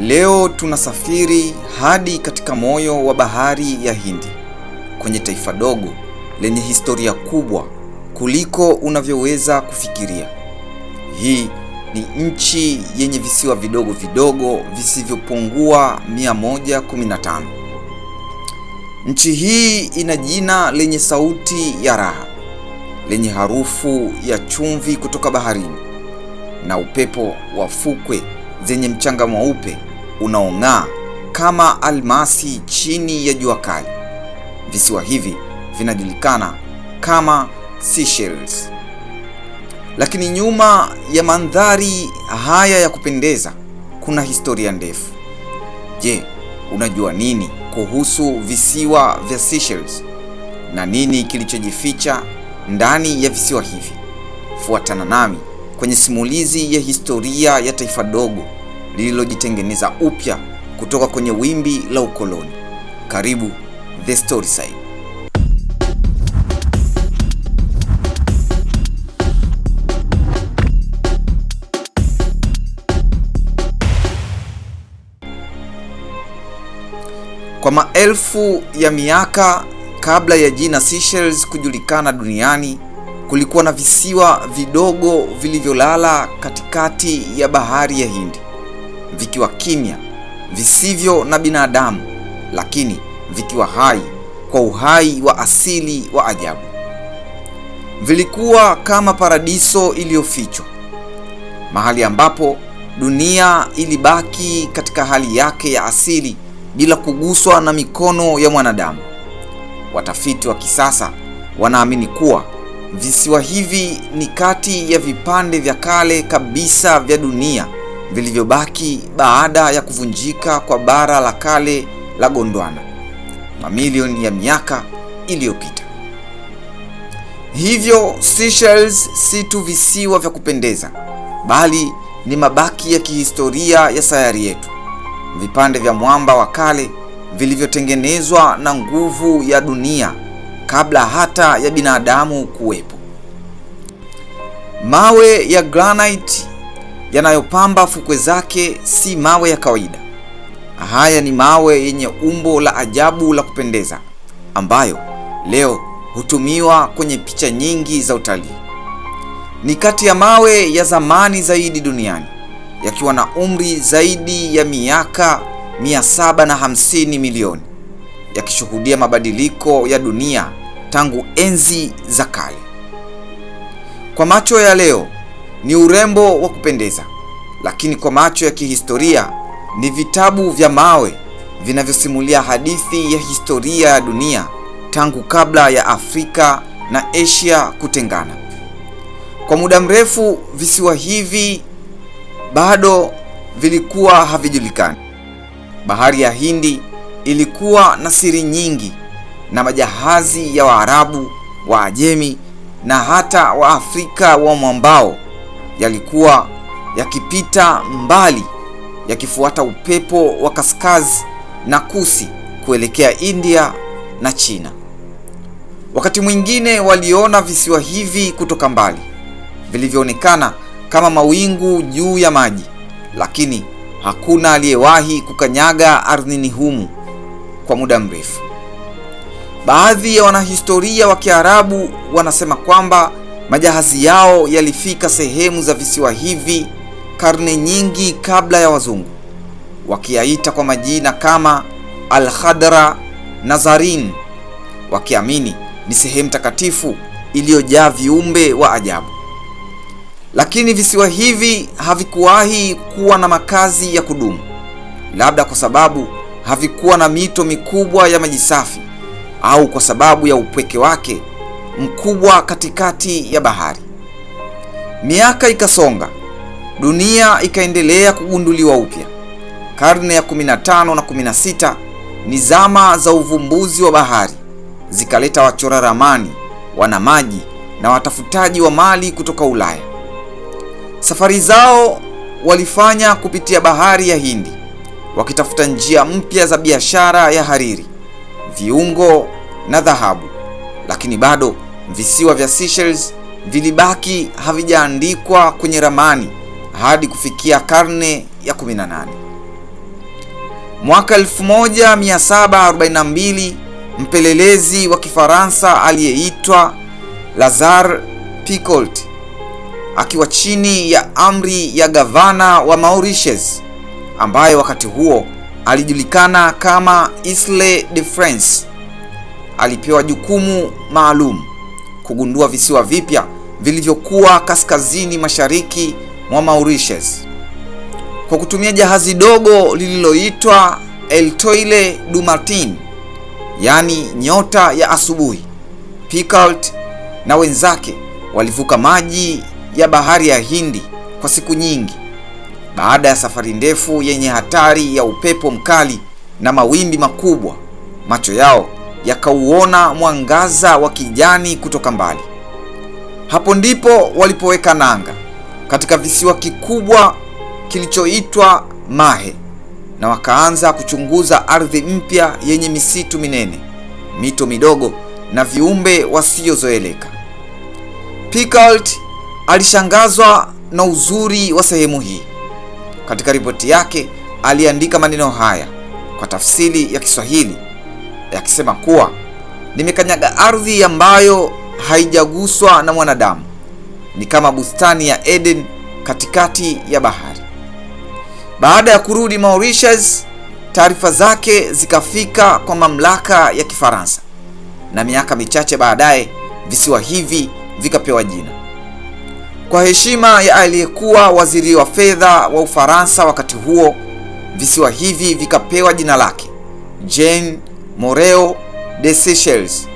Leo tunasafiri hadi katika moyo wa bahari ya Hindi, kwenye taifa dogo lenye historia kubwa kuliko unavyoweza kufikiria. Hii ni nchi yenye visiwa vidogo vidogo visivyopungua 115. Nchi hii ina jina lenye sauti ya raha, lenye harufu ya chumvi kutoka baharini na upepo wa fukwe zenye mchanga mweupe unaong'aa kama almasi chini ya jua kali. Visiwa hivi vinajulikana kama Seychelles. Lakini nyuma ya mandhari haya ya kupendeza kuna historia ndefu. Je, unajua nini kuhusu visiwa vya Seychelles na nini kilichojificha ndani ya visiwa hivi? Fuatana nami kwenye simulizi ya historia ya taifa dogo lililojitengeneza upya kutoka kwenye wimbi la ukoloni. Karibu The Side. Kwa maelfu ya miaka kabla ya jina Seychelles kujulikana duniani kulikuwa na visiwa vidogo vilivyolala katikati ya bahari ya Hindi, vikiwa kimya, visivyo na binadamu, lakini vikiwa hai kwa uhai wa asili wa ajabu. Vilikuwa kama paradiso iliyofichwa, mahali ambapo dunia ilibaki katika hali yake ya asili bila kuguswa na mikono ya mwanadamu. Watafiti wa kisasa wanaamini kuwa Visiwa hivi ni kati ya vipande vya kale kabisa vya dunia vilivyobaki baada ya kuvunjika kwa bara la kale la Gondwana mamilioni ya miaka iliyopita. Hivyo Seychelles si tu visiwa vya kupendeza, bali ni mabaki ya kihistoria ya sayari yetu, vipande vya mwamba wa kale vilivyotengenezwa na nguvu ya dunia kabla hata ya binadamu kuwepo. Mawe ya granite yanayopamba fukwe zake si mawe ya kawaida. Haya ni mawe yenye umbo la ajabu la kupendeza ambayo leo hutumiwa kwenye picha nyingi za utalii. Ni kati ya mawe ya zamani zaidi duniani yakiwa na umri zaidi ya miaka 750 milioni, yakishuhudia mabadiliko ya dunia tangu enzi za kale kwa macho ya leo ni urembo wa kupendeza, lakini kwa macho ya kihistoria ni vitabu vya mawe vinavyosimulia hadithi ya historia ya dunia tangu kabla ya Afrika na Asia kutengana. Kwa muda mrefu visiwa hivi bado vilikuwa havijulikani. Bahari ya Hindi ilikuwa na siri nyingi, na majahazi ya Waarabu, Waajemi na hata Waafrika wa mwambao yalikuwa yakipita mbali yakifuata upepo wa kaskazi na kusi kuelekea India na China. Wakati mwingine waliona visiwa hivi kutoka mbali vilivyoonekana kama mawingu juu ya maji, lakini hakuna aliyewahi kukanyaga ardhini humu kwa muda mrefu. Baadhi ya wanahistoria wa Kiarabu wanasema kwamba majahazi yao yalifika sehemu za visiwa hivi karne nyingi kabla ya wazungu, wakiyaita kwa majina kama Al-Khadra na Zarin, wakiamini ni sehemu takatifu iliyojaa viumbe wa ajabu. Lakini visiwa hivi havikuwahi kuwa na makazi ya kudumu, labda kwa sababu havikuwa na mito mikubwa ya maji safi au kwa sababu ya upweke wake mkubwa katikati ya bahari. Miaka ikasonga, dunia ikaendelea kugunduliwa upya. Karne ya 15 na 16 ni zama za uvumbuzi wa bahari, zikaleta wachora ramani, wana maji na watafutaji wa mali kutoka Ulaya. Safari zao walifanya kupitia bahari ya Hindi wakitafuta njia mpya za biashara ya hariri viungo na dhahabu, lakini bado visiwa vya Seychelles vilibaki havijaandikwa kwenye ramani hadi kufikia karne ya 18. Mwaka 1742 mpelelezi wa Kifaransa aliyeitwa Lazar Picolt akiwa chini ya amri ya gavana wa Mauritius ambaye wakati huo alijulikana kama Isle de France alipewa jukumu maalum kugundua visiwa vipya vilivyokuwa kaskazini mashariki mwa Mauritius kwa kutumia jahazi dogo lililoitwa El Toile du Matin, yaani nyota ya asubuhi. Picault na wenzake walivuka maji ya bahari ya Hindi kwa siku nyingi baada ya safari ndefu yenye hatari ya upepo mkali na mawimbi makubwa, macho yao yakauona mwangaza wa kijani kutoka mbali. Hapo ndipo walipoweka nanga katika visiwa kikubwa kilichoitwa Mahe, na wakaanza kuchunguza ardhi mpya yenye misitu minene, mito midogo na viumbe wasiozoeleka. Picard alishangazwa na uzuri wa sehemu hii. Katika ripoti yake aliandika maneno haya kwa tafsiri ya Kiswahili yakisema kuwa nimekanyaga ardhi ambayo haijaguswa na mwanadamu, ni kama bustani ya Eden katikati ya bahari. Baada ya kurudi Mauritius, taarifa zake zikafika kwa mamlaka ya Kifaransa na miaka michache baadaye visiwa hivi vikapewa jina. Kwa heshima ya aliyekuwa waziri wa fedha wa Ufaransa wakati huo, visiwa hivi vikapewa jina lake, Jean Moreau de Seychelles.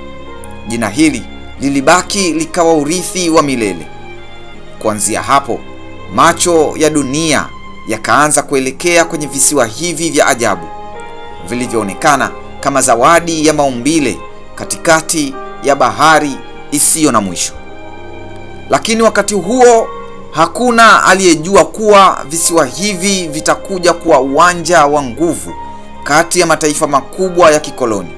Jina hili lilibaki likawa urithi wa milele. Kuanzia hapo, macho ya dunia yakaanza kuelekea kwenye visiwa hivi vya ajabu vilivyoonekana kama zawadi ya maumbile katikati ya bahari isiyo na mwisho. Lakini wakati huo hakuna aliyejua kuwa visiwa hivi vitakuja kuwa uwanja wa nguvu kati ya mataifa makubwa ya kikoloni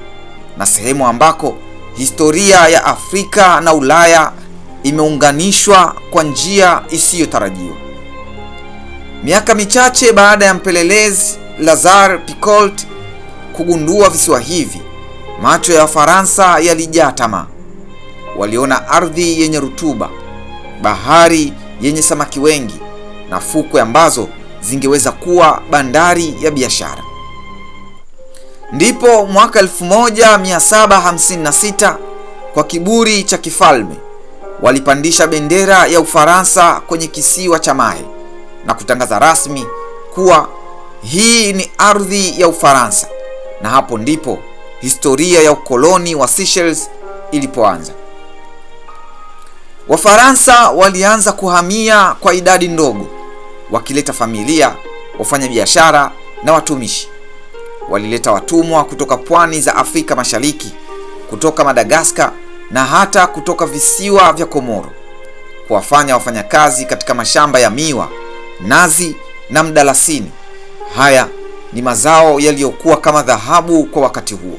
na sehemu ambako historia ya Afrika na Ulaya imeunganishwa kwa njia isiyotarajiwa. Miaka michache baada ya mpelelezi Lazare picolt kugundua visiwa hivi, macho ya Wafaransa yalijaa tamaa. Waliona ardhi yenye rutuba, bahari yenye samaki wengi na fukwe ambazo zingeweza kuwa bandari ya biashara. Ndipo mwaka 1756 kwa kiburi cha kifalme walipandisha bendera ya Ufaransa kwenye kisiwa cha Mahe na kutangaza rasmi kuwa hii ni ardhi ya Ufaransa, na hapo ndipo historia ya ukoloni wa Seychelles ilipoanza. Wafaransa walianza kuhamia kwa idadi ndogo, wakileta familia, wafanyabiashara na watumishi. Walileta watumwa kutoka pwani za Afrika Mashariki, kutoka Madagaskar na hata kutoka visiwa vya Komoro, kuwafanya wafanyakazi katika mashamba ya miwa, nazi na mdalasini. Haya ni mazao yaliyokuwa kama dhahabu kwa wakati huo.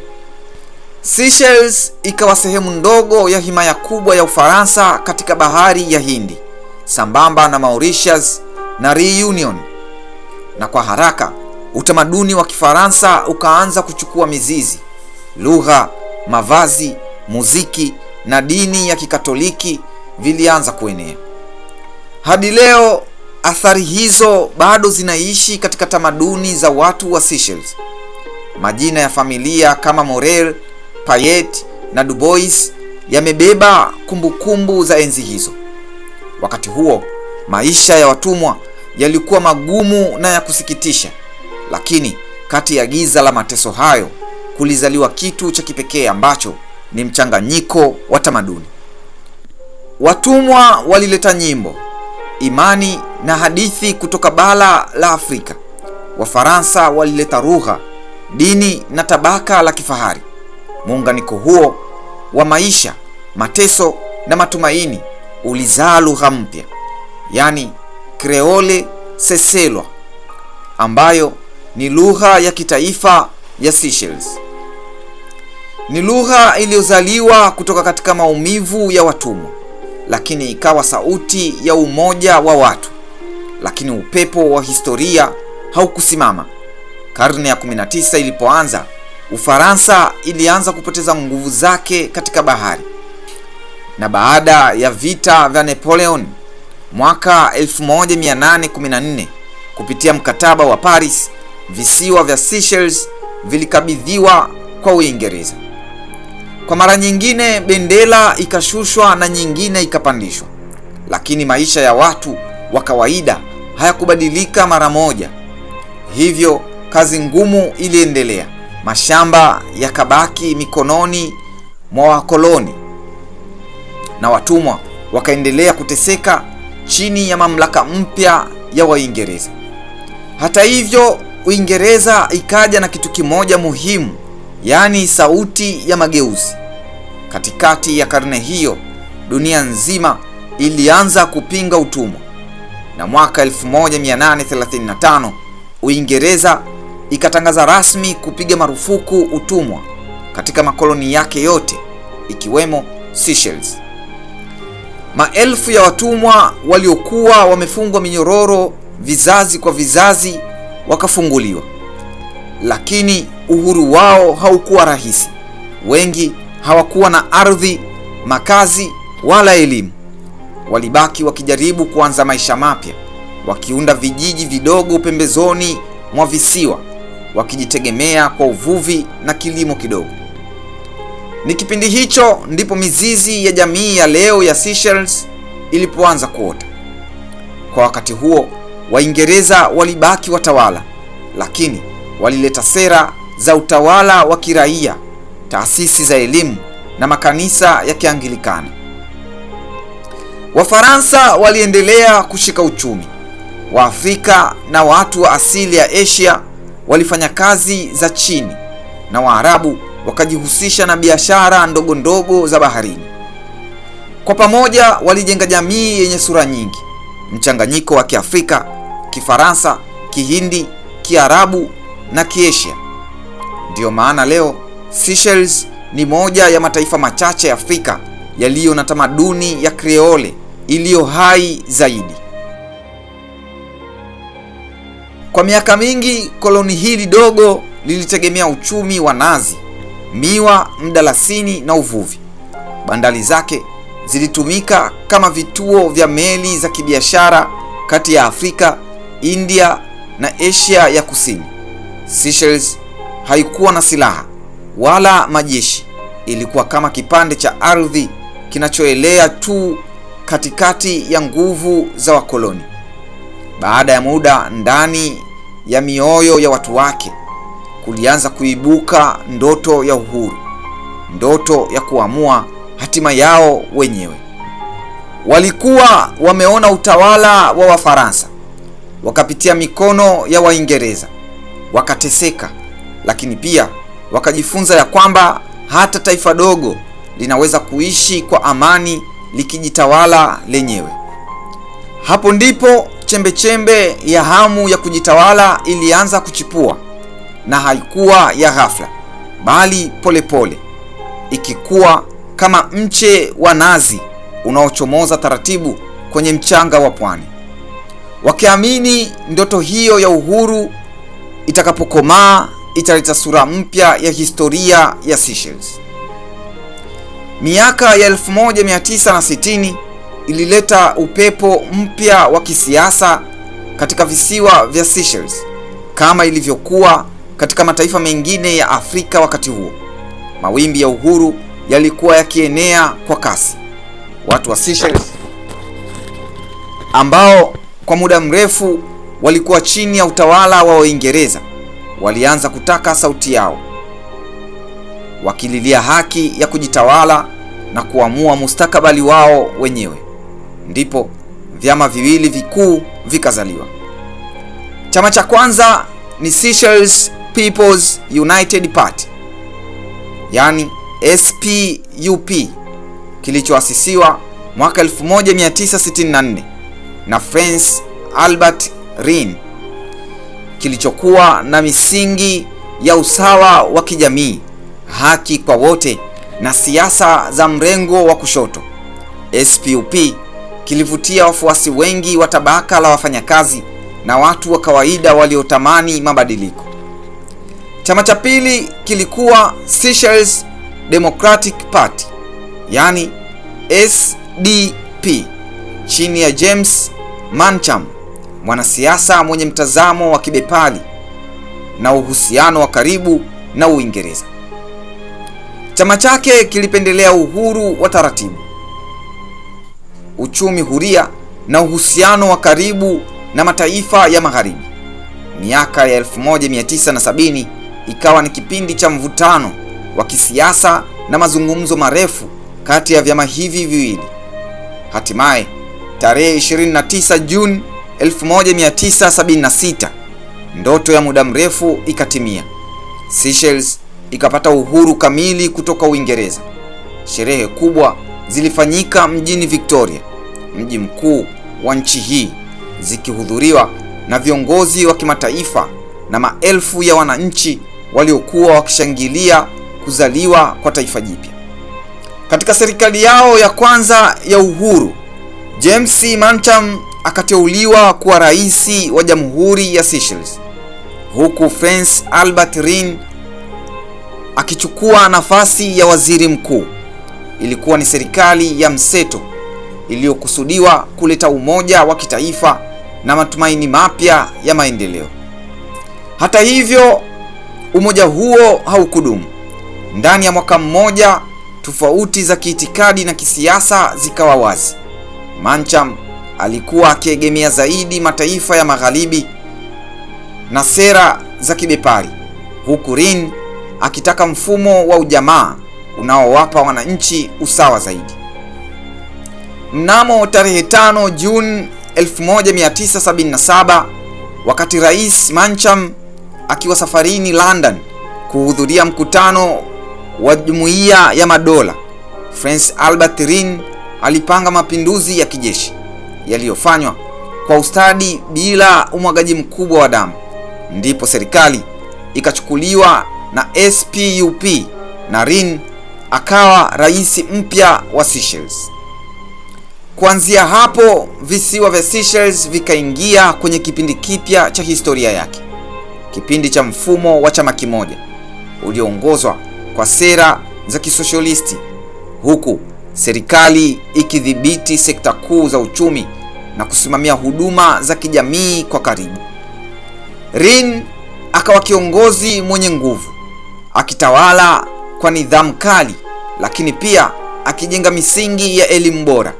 Seychelles ikawa sehemu ndogo ya himaya kubwa ya Ufaransa katika bahari ya Hindi sambamba na Mauritius na Reunion, na kwa haraka utamaduni wa Kifaransa ukaanza kuchukua mizizi. Lugha, mavazi, muziki na dini ya Kikatoliki vilianza kuenea. Hadi leo athari hizo bado zinaishi katika tamaduni za watu wa Seychelles. Majina ya familia kama Morel Payet na Bois yamebeba kumbukumbu za enzi hizo. Wakati huo maisha ya watumwa yalikuwa magumu na ya kusikitisha, lakini kati ya giza la mateso hayo kulizaliwa kitu cha kipekee ambacho ni mchanganyiko wa tamaduni. Watumwa walileta nyimbo, imani na hadithi kutoka bara la Afrika. Wafaransa walileta lugha, dini na tabaka la kifahari. Muunganiko huo wa maisha, mateso na matumaini ulizaa lugha mpya, yaani Creole Sesela, ambayo ni lugha ya kitaifa ya Seychelles. Ni lugha iliyozaliwa kutoka katika maumivu ya watumwa, lakini ikawa sauti ya umoja wa watu. Lakini upepo wa historia haukusimama. Karne ya 19 ilipoanza Ufaransa ilianza kupoteza nguvu zake katika bahari, na baada ya vita vya Napoleon mwaka 1814 kupitia mkataba wa Paris, visiwa vya Seychelles vilikabidhiwa kwa Uingereza. Kwa mara nyingine bendera ikashushwa na nyingine ikapandishwa, lakini maisha ya watu wa kawaida hayakubadilika mara moja. Hivyo kazi ngumu iliendelea mashamba yakabaki mikononi mwa wakoloni na watumwa wakaendelea kuteseka chini ya mamlaka mpya ya Waingereza. Hata hivyo, Uingereza ikaja na kitu kimoja muhimu, yaani sauti ya mageuzi. Katikati ya karne hiyo, dunia nzima ilianza kupinga utumwa, na mwaka 1835 Uingereza ikatangaza rasmi kupiga marufuku utumwa katika makoloni yake yote ikiwemo Seychelles. Maelfu ya watumwa waliokuwa wamefungwa minyororo vizazi kwa vizazi wakafunguliwa, lakini uhuru wao haukuwa rahisi. Wengi hawakuwa na ardhi, makazi wala elimu. Walibaki wakijaribu kuanza maisha mapya, wakiunda vijiji vidogo pembezoni mwa visiwa wakijitegemea kwa uvuvi na kilimo kidogo. Ni kipindi hicho ndipo mizizi ya jamii ya leo ya Seychelles ilipoanza kuota. Kwa wakati huo, Waingereza walibaki watawala, lakini walileta sera za utawala wa kiraia, taasisi za elimu na makanisa ya Kianglikana. Wafaransa waliendelea kushika uchumi. Waafrika na watu wa asili ya Asia walifanya kazi za chini na Waarabu wakajihusisha na biashara ndogo ndogo za baharini. Kwa pamoja walijenga jamii yenye sura nyingi, mchanganyiko wa Kiafrika, Kifaransa, Kihindi, Kiarabu na Kiasia. Ndiyo maana leo Seychelles ni moja ya mataifa machache ya Afrika yaliyo na tamaduni ya Kreole iliyo hai zaidi. Kwa miaka mingi koloni hili dogo lilitegemea uchumi wa nazi, miwa, mdalasini na uvuvi. Bandari zake zilitumika kama vituo vya meli za kibiashara kati ya Afrika, India na Asia ya Kusini. Seychelles haikuwa na silaha wala majeshi, ilikuwa kama kipande cha ardhi kinachoelea tu katikati ya nguvu za wakoloni. Baada ya muda, ndani ya mioyo ya watu wake kulianza kuibuka ndoto ya uhuru, ndoto ya kuamua hatima yao wenyewe. Walikuwa wameona utawala wa Wafaransa, wakapitia mikono ya Waingereza, wakateseka, lakini pia wakajifunza ya kwamba hata taifa dogo linaweza kuishi kwa amani likijitawala lenyewe. Hapo ndipo Chembechembe chembe ya hamu ya kujitawala ilianza kuchipua, na haikuwa ya ghafla, bali polepole pole, ikikuwa kama mche wa nazi unaochomoza taratibu kwenye mchanga wa pwani. Wakiamini ndoto hiyo ya uhuru itakapokomaa italeta sura mpya ya historia ya Seychelles. Miaka ya 1960 ilileta upepo mpya wa kisiasa katika visiwa vya Seychelles kama ilivyokuwa katika mataifa mengine ya Afrika wakati huo. Mawimbi ya uhuru yalikuwa yakienea kwa kasi. Watu wa Seychelles ambao kwa muda mrefu walikuwa chini ya utawala wa Waingereza walianza kutaka sauti yao, wakililia haki ya kujitawala na kuamua mustakabali wao wenyewe ndipo vyama viwili vikuu vikazaliwa. Chama cha kwanza ni Seychelles People's United Party, yani SPUP, kilichoasisiwa mwaka 1964 na Franz Albert Rene, kilichokuwa na misingi ya usawa wa kijamii, haki kwa wote na siasa za mrengo wa kushoto. SPUP kilivutia wafuasi wengi wa tabaka la wafanyakazi na watu wa kawaida waliotamani mabadiliko. Chama cha pili kilikuwa Seychelles Democratic Party, yani SDP, chini ya James Mancham, mwanasiasa mwenye mtazamo wa kibepari na uhusiano wa karibu na Uingereza. Chama chake kilipendelea uhuru wa taratibu uchumi huria na uhusiano wa karibu na mataifa ya Magharibi. Miaka ya 1970 ikawa ni kipindi cha mvutano wa kisiasa na mazungumzo marefu kati ya vyama hivi viwili. Hatimaye tarehe 29 Juni 1976 ndoto ya muda mrefu ikatimia. Seychelles ikapata uhuru kamili kutoka Uingereza. Sherehe kubwa zilifanyika mjini Victoria, mji mkuu wa nchi hii, zikihudhuriwa na viongozi wa kimataifa na maelfu ya wananchi waliokuwa wakishangilia kuzaliwa kwa taifa jipya. Katika serikali yao ya kwanza ya uhuru, James C. Mancham akateuliwa kuwa rais wa Jamhuri ya Seychelles, huku Frantz Albert Rene akichukua nafasi ya waziri mkuu ilikuwa ni serikali ya mseto iliyokusudiwa kuleta umoja wa kitaifa na matumaini mapya ya maendeleo. Hata hivyo, umoja huo haukudumu. Ndani ya mwaka mmoja, tofauti za kiitikadi na kisiasa zikawa wazi. Mancham alikuwa akiegemea zaidi mataifa ya magharibi na sera za kibepari, huku Rin akitaka mfumo wa ujamaa unaowapa wananchi usawa zaidi. Mnamo tarehe 5 Juni 1977 wakati Rais Mancham akiwa safarini London kuhudhuria mkutano wa Jumuiya ya Madola, Franz Albert rin alipanga mapinduzi ya kijeshi yaliyofanywa kwa ustadi bila umwagaji mkubwa wa damu. Ndipo serikali ikachukuliwa na SPUP na rin akawa rais mpya wa Seychelles. Kuanzia hapo visiwa vya Seychelles vikaingia kwenye kipindi kipya cha historia yake, kipindi cha mfumo wa chama kimoja ulioongozwa kwa sera za kisoshalisti, huku serikali ikidhibiti sekta kuu za uchumi na kusimamia huduma za kijamii kwa karibu. Rin akawa kiongozi mwenye nguvu akitawala kwa nidhamu kali, lakini pia akijenga misingi ya elimu bora,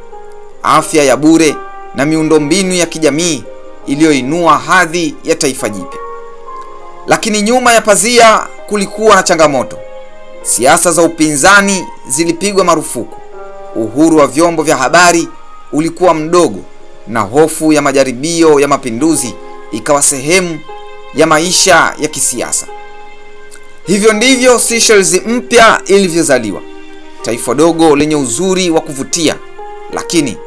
afya ya bure na miundombinu ya kijamii iliyoinua hadhi ya taifa jipya. Lakini nyuma ya pazia kulikuwa na changamoto. Siasa za upinzani zilipigwa marufuku, uhuru wa vyombo vya habari ulikuwa mdogo, na hofu ya majaribio ya mapinduzi ikawa sehemu ya maisha ya kisiasa. Hivyo ndivyo Seychelles mpya ilivyozaliwa, taifa dogo lenye uzuri wa kuvutia, lakini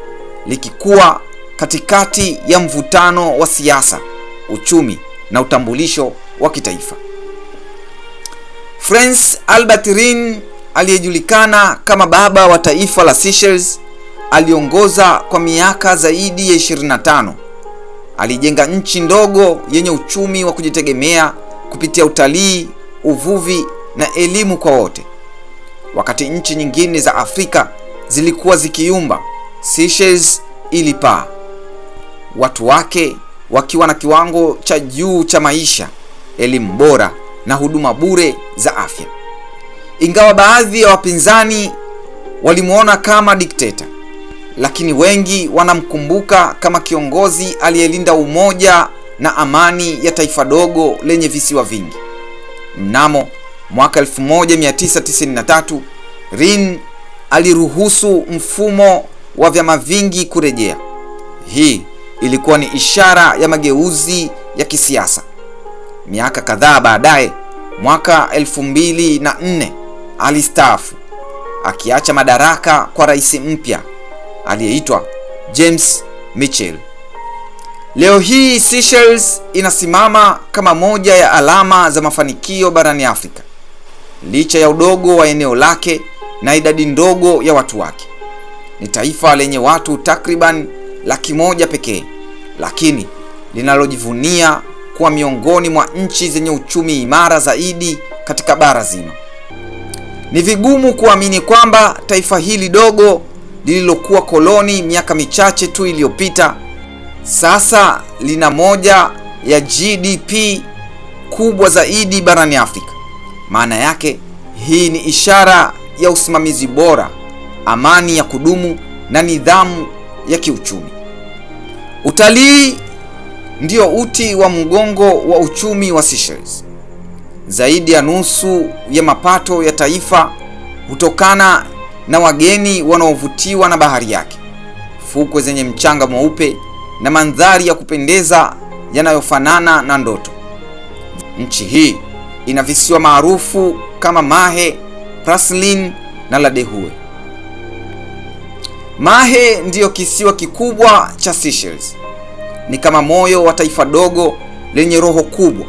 likikuwa katikati ya mvutano wa siasa, uchumi na utambulisho wa kitaifa. Frantz Albert Rene aliyejulikana kama baba wa taifa la Seychelles aliongoza kwa miaka zaidi ya 25. Alijenga nchi ndogo yenye uchumi wa kujitegemea kupitia utalii uvuvi na elimu kwa wote. Wakati nchi nyingine za Afrika zilikuwa zikiyumba, Seychelles ilipaa, watu wake wakiwa na kiwango cha juu cha maisha, elimu bora na huduma bure za afya. Ingawa baadhi ya wapinzani walimwona kama dikteta, lakini wengi wanamkumbuka kama kiongozi aliyelinda umoja na amani ya taifa dogo lenye visiwa vingi. Mnamo mwaka 1993 Rin aliruhusu mfumo wa vyama vingi kurejea. Hii ilikuwa ni ishara ya mageuzi ya kisiasa. Miaka kadhaa baadaye, mwaka 2004 alistaafu akiacha madaraka kwa rais mpya aliyeitwa James Michel. Leo hii Seychelles inasimama kama moja ya alama za mafanikio barani Afrika licha ya udogo wa eneo lake na idadi ndogo ya watu wake. Ni taifa lenye watu takriban laki moja pekee, lakini linalojivunia kuwa miongoni mwa nchi zenye uchumi imara zaidi katika bara zima. Ni vigumu kuamini kwamba taifa hili dogo lililokuwa koloni miaka michache tu iliyopita sasa lina moja ya GDP kubwa zaidi barani Afrika. Maana yake hii ni ishara ya usimamizi bora, amani ya kudumu na nidhamu ya kiuchumi. Utalii ndio uti wa mgongo wa uchumi wa Seychelles. Zaidi ya nusu ya mapato ya taifa hutokana na wageni wanaovutiwa na bahari yake, fukwe zenye mchanga mweupe na mandhari ya kupendeza yanayofanana na ndoto. Nchi hii ina visiwa maarufu kama Mahe, Praslin na Ladehue. Mahe ndiyo kisiwa kikubwa cha Seychelles. Ni kama moyo wa taifa dogo lenye roho kubwa.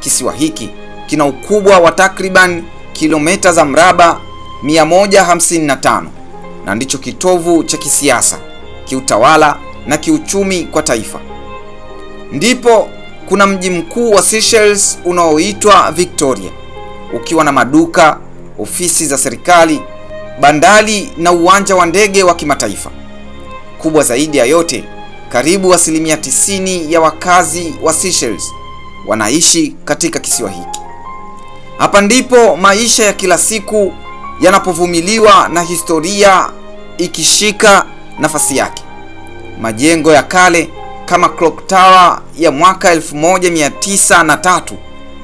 Kisiwa hiki kina ukubwa wa takriban kilomita za mraba 155 na ndicho kitovu cha kisiasa, kiutawala na kiuchumi kwa taifa. Ndipo kuna mji mkuu wa Seychelles unaoitwa Victoria, ukiwa na maduka, ofisi za serikali, bandari na uwanja wa ndege wa kimataifa. Kubwa zaidi ya yote, karibu asilimia 90 ya wakazi wa Seychelles wanaishi katika kisiwa hiki. Hapa ndipo maisha ya kila siku yanapovumiliwa na historia ikishika nafasi yake majengo ya kale kama Clock Tower ya mwaka 1903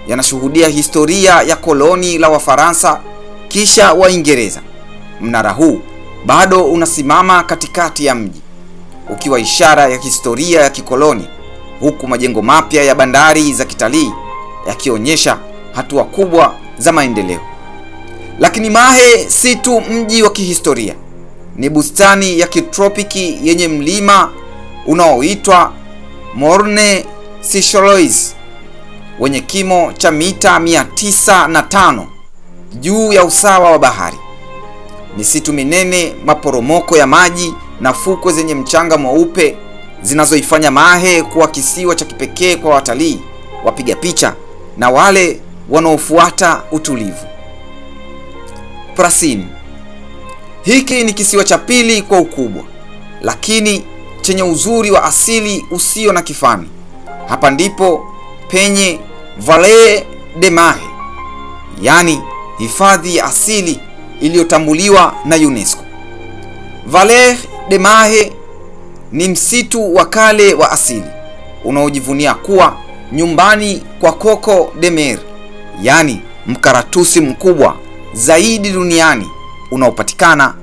yanashuhudia historia ya koloni la Wafaransa kisha Waingereza. Mnara huu bado unasimama katikati ya mji ukiwa ishara ya historia ya kikoloni, huku majengo mapya ya bandari za kitalii yakionyesha hatua kubwa za maendeleo. Lakini Mahe si tu mji wa kihistoria ni bustani ya kitropiki yenye mlima unaoitwa Morne Seychellois wenye kimo cha mita 905 juu ya usawa wa bahari. Misitu minene, maporomoko ya maji na fukwe zenye mchanga mweupe zinazoifanya Mahe kuwa kisiwa cha kipekee kwa watalii, wapiga picha na wale wanaofuata utulivu. Prasini hiki ni kisiwa cha pili kwa ukubwa, lakini chenye uzuri wa asili usio na kifani. Hapa ndipo penye Vallée de mare yaani hifadhi ya asili iliyotambuliwa na UNESCO. Vallée de Mares ni msitu wa kale wa asili unaojivunia kuwa nyumbani kwa Coco de Mer, yaani mkaratusi mkubwa zaidi duniani unaopatikana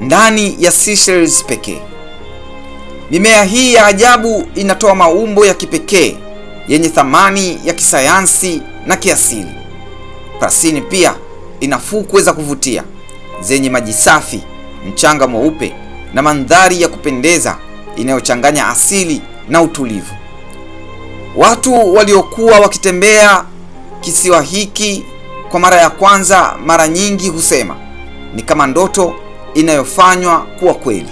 ndani ya Seychelles pekee. Mimea hii ya ajabu inatoa maumbo ya kipekee yenye thamani ya kisayansi na kiasili. Prasini pia ina fukwe za kuvutia zenye maji safi, mchanga mweupe na mandhari ya kupendeza inayochanganya asili na utulivu. Watu waliokuwa wakitembea kisiwa hiki kwa mara ya kwanza mara nyingi husema ni kama ndoto inayofanywa kuwa kweli.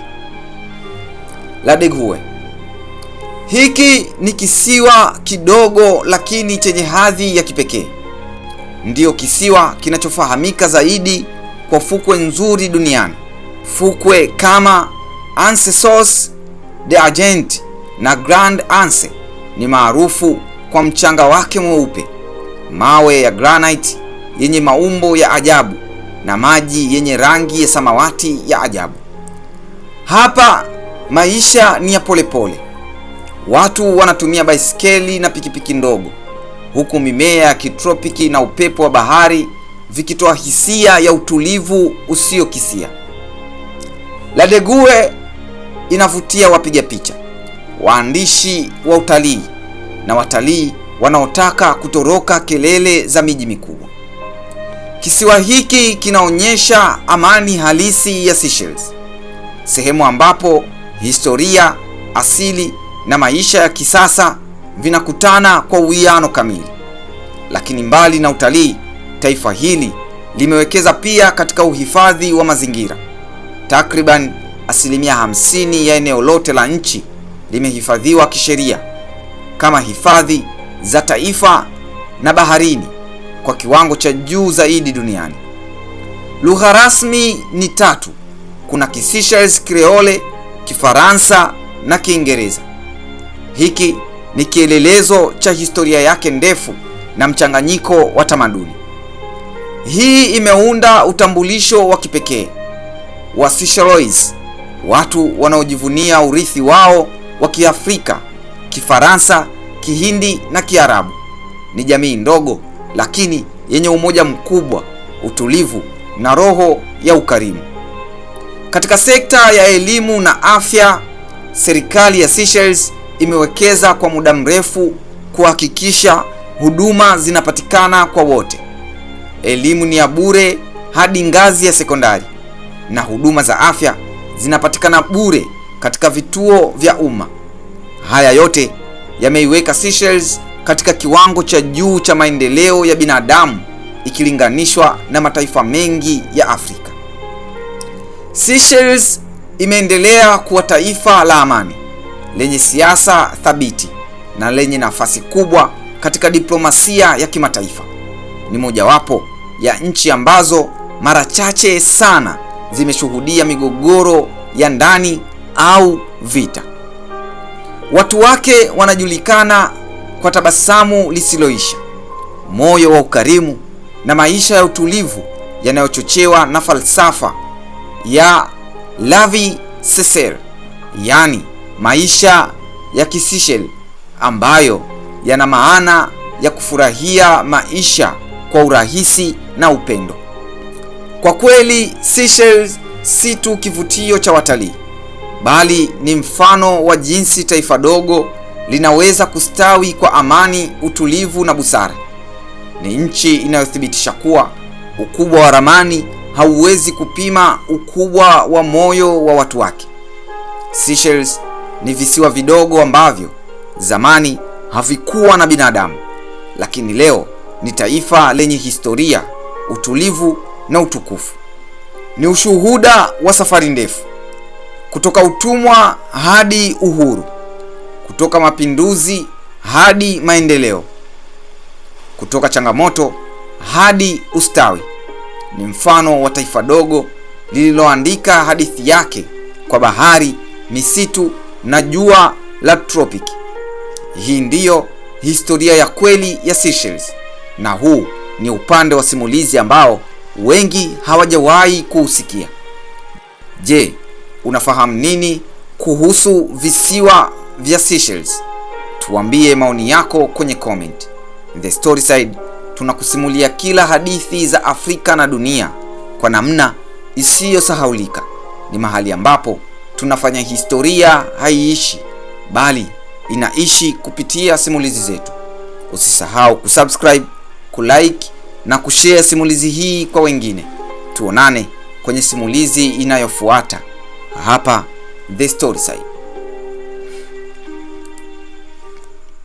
Ladegue hiki ni kisiwa kidogo lakini chenye hadhi ya kipekee. Ndiyo kisiwa kinachofahamika zaidi kwa fukwe nzuri duniani. Fukwe kama Anse Source de Argent na Grand Anse ni maarufu kwa mchanga wake mweupe, mawe ya granite yenye maumbo ya ajabu na maji yenye rangi ya samawati ya ajabu. Hapa maisha ni ya polepole pole. Watu wanatumia baisikeli na pikipiki ndogo, huku mimea ya kitropiki na upepo wa bahari vikitoa hisia ya utulivu usiokisia. Ladegue inavutia wapiga picha, waandishi wa utalii na watalii wanaotaka kutoroka kelele za miji mikubwa. Kisiwa hiki kinaonyesha amani halisi ya Seychelles, sehemu ambapo historia, asili na maisha ya kisasa vinakutana kwa uwiano kamili. Lakini mbali na utalii, taifa hili limewekeza pia katika uhifadhi wa mazingira. Takriban asilimia 50 ya eneo lote la nchi limehifadhiwa kisheria kama hifadhi za taifa na baharini kwa kiwango cha juu zaidi duniani. Lugha rasmi ni tatu: kuna Kiseychelles Creole, Kifaransa na Kiingereza. Hiki ni kielelezo cha historia yake ndefu na mchanganyiko wa tamaduni. Hii imeunda utambulisho wa kipekee wa Seychelles, watu wanaojivunia urithi wao wa Kiafrika, Kifaransa, Kihindi na Kiarabu. Ni jamii ndogo lakini yenye umoja mkubwa, utulivu na roho ya ukarimu. Katika sekta ya elimu na afya, serikali ya Seychelles imewekeza kwa muda mrefu kuhakikisha huduma zinapatikana kwa wote. Elimu ni ya bure hadi ngazi ya sekondari na huduma za afya zinapatikana bure katika vituo vya umma. Haya yote yameiweka Seychelles katika kiwango cha juu cha maendeleo ya binadamu ikilinganishwa na mataifa mengi ya Afrika. Seychelles imeendelea kuwa taifa la amani lenye siasa thabiti na lenye nafasi kubwa katika diplomasia ya kimataifa. Ni mojawapo ya nchi ambazo mara chache sana zimeshuhudia migogoro ya ndani au vita. Watu wake wanajulikana kwa tabasamu lisiloisha, moyo wa ukarimu na maisha ya utulivu yanayochochewa na falsafa ya lavi Sesel, yaani maisha ya kisishel ambayo yana maana ya kufurahia maisha kwa urahisi na upendo. Kwa kweli, Seychelles si tu kivutio cha watalii, bali ni mfano wa jinsi taifa dogo linaweza kustawi kwa amani, utulivu na busara. Ni nchi inayothibitisha kuwa ukubwa wa ramani hauwezi kupima ukubwa wa moyo wa watu wake. Seychelles ni visiwa vidogo ambavyo zamani havikuwa na binadamu, lakini leo ni taifa lenye historia, utulivu na utukufu. Ni ushuhuda wa safari ndefu kutoka utumwa hadi uhuru, kutoka mapinduzi hadi maendeleo, kutoka changamoto hadi ustawi. Ni mfano wa taifa dogo lililoandika hadithi yake kwa bahari, misitu na jua la tropiki. Hii ndiyo historia ya kweli ya Seychelles, na huu ni upande wa simulizi ambao wengi hawajawahi kuusikia. Je, unafahamu nini kuhusu visiwa vya Seychelles? Tuambie maoni yako kwenye comment. The Side tunakusimulia kila hadithi za Afrika na dunia kwa namna isiyosahaulika. Ni mahali ambapo tunafanya historia haiishi, bali inaishi kupitia simulizi zetu. Usisahau kusubscribe, kulike na kushare simulizi hii kwa wengine. Tuonane kwenye simulizi inayofuata hapa The Side.